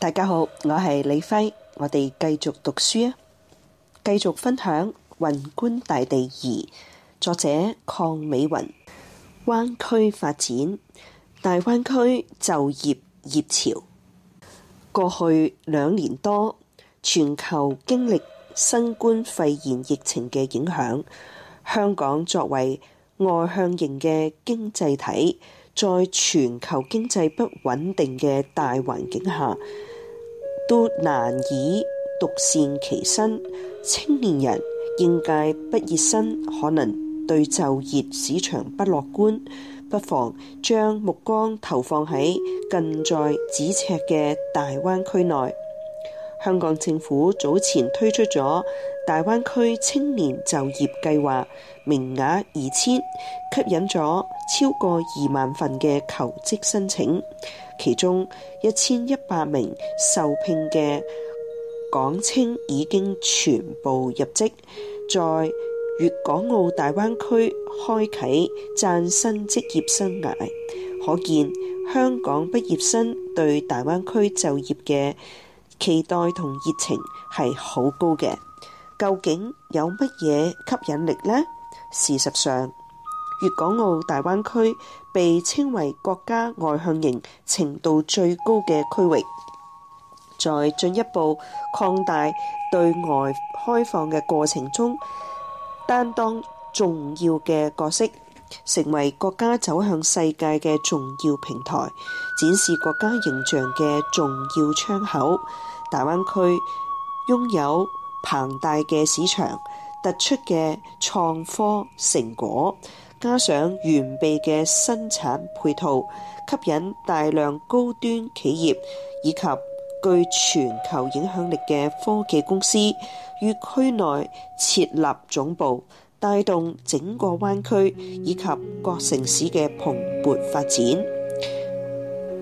大家好，我係李輝，我哋繼續讀書啊，繼續分享《雲觀大地二》，作者鄺美雲。灣區發展，大灣區就業熱潮。過去兩年多，全球經歷新冠肺炎疫情嘅影響，香港作為外向型嘅經濟體，在全球經濟不穩定嘅大環境下。都難以獨善其身，青年人、應屆畢業生可能對就業市場不樂觀，不妨將目光投放喺近在咫尺嘅大灣區內。香港政府早前推出咗大灣區青年就業計劃，名額二千，吸引咗超過二萬份嘅求職申請。其中一千一百名受聘嘅港青已經全部入職，在粵港澳大灣區開啟嶄新職業生涯，可見香港畢業生對大灣區就業嘅期待同熱情係好高嘅。究竟有乜嘢吸引力咧？事實上，粵港澳大灣區被稱為國家外向型程度最高嘅區域，在進一步擴大對外開放嘅過程中，擔當重要嘅角色，成為國家走向世界嘅重要平台，展示國家形象嘅重要窗口。大灣區擁有龐大嘅市場，突出嘅創科成果。加上完備嘅生產配套，吸引大量高端企業以及具全球影響力嘅科技公司於區內設立總部，帶動整個灣區以及各城市嘅蓬勃發展。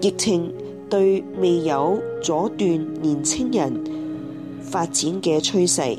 疫情對未有阻斷年青人發展嘅趨勢。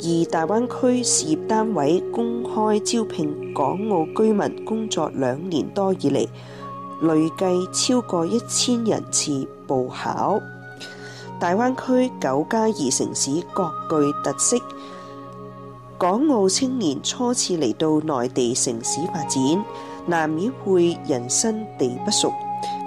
而大灣區事業單位公開招聘港澳居民工作兩年多以嚟，累計超過一千人次報考。大灣區九加二城市各具特色，港澳青年初次嚟到內地城市發展，難免會人生地不熟。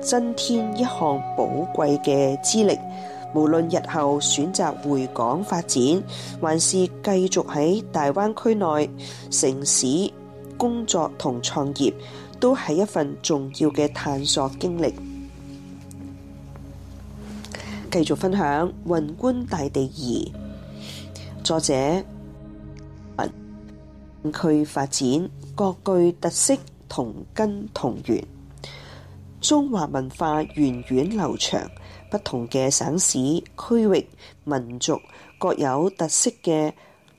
增添一項寶貴嘅資歷，無論日後選擇回港發展，還是繼續喺大灣區內城市工作同創業，都係一份重要嘅探索經歷。繼續分享《雲觀大地二》，作者：灣區發展各具特色，同根同源。中華文化源遠流長，不同嘅省市、區域、民族各有特色嘅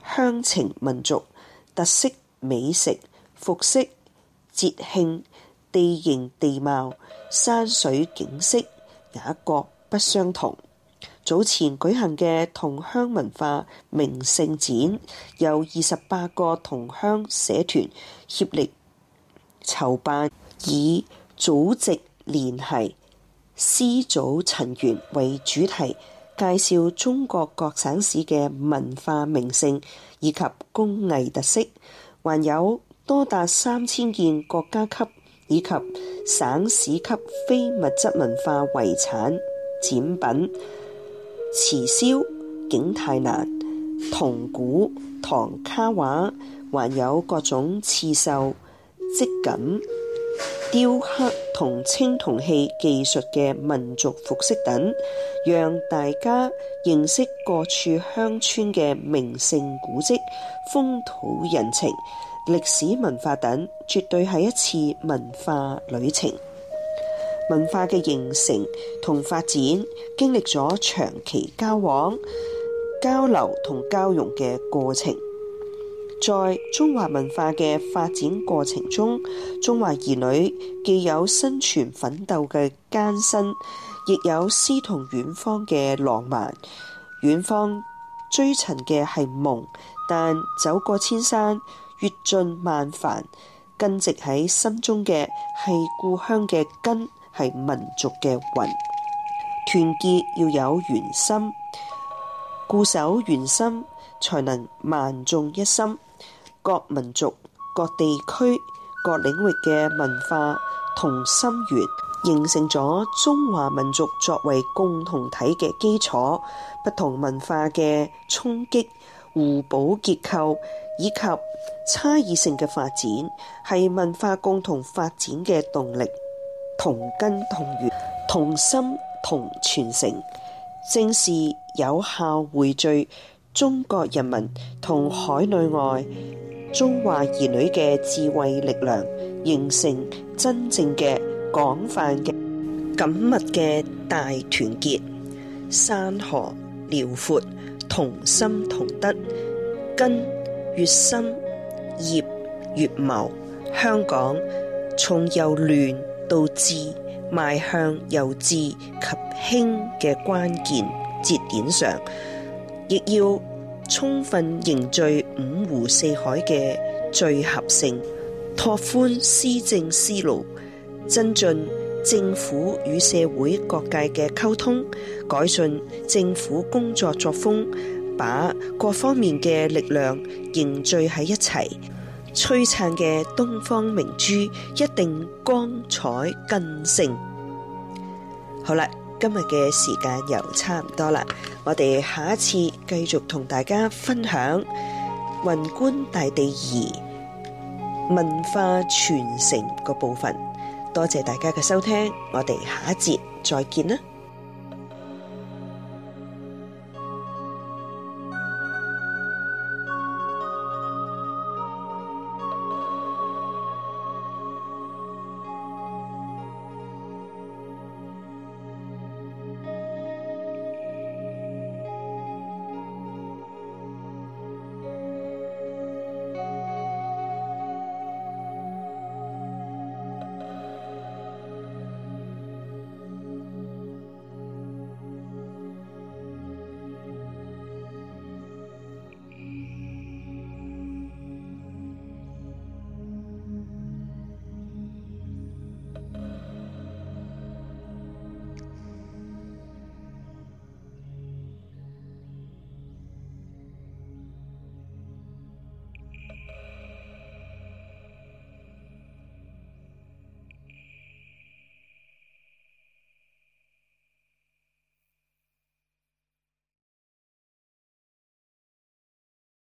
鄉情、民族特色美食、服飾、節慶、地形地貌、山水景色也各不相同。早前舉行嘅同鄉文化名勝展，有二十八個同鄉社團協力籌辦，以組織。聯繫師祖陳元為主題，介紹中國各省市嘅文化名勝以及工藝特色，還有多達三千件國家級以及省市級非物質文化遺產展品，瓷燒、景泰藍、銅鼓、唐卡畫，還有各種刺繡、織錦。雕刻同青銅器技術嘅民族服飾等，讓大家認識各處鄉村嘅名勝古蹟、風土人情、歷史文化等，絕對係一次文化旅程。文化嘅形成同發展，經歷咗長期交往、交流同交融嘅過程。在中華文化嘅發展過程中，中華兒女既有生存奮鬥嘅艱辛，亦有詩同遠方嘅浪漫。遠方追尋嘅係夢，但走過千山，閱盡萬帆，根植喺心中嘅係故鄉嘅根，係民族嘅魂。團結要有圓心，固守圓心。才能萬眾一心，各民族、各地區、各領域嘅文化同心圓，形成咗中華民族作為共同體嘅基礎。不同文化嘅沖擊互補結構，以及差異性嘅發展，係文化共同發展嘅動力。同根同源，同心同傳承，正是有效匯聚。中國人民同海內外中華兒女嘅智慧力量，形成真正嘅廣泛嘅緊密嘅大團結。山河遼闊，同心同德，根越深，業越茂。香港從由亂到治，邁向由治及興嘅關鍵節點上，亦要充分凝聚五湖四海嘅聚合性，拓寬施政思路，增進政府與社會各界嘅溝通，改進政府工作作風，把各方面嘅力量凝聚喺一齊，璀璨嘅東方明珠一定光彩更盛。好啦。今日嘅時間又差唔多啦，我哋下一次繼續同大家分享雲觀大地儀文化傳承個部分。多謝大家嘅收聽，我哋下一節再見啦。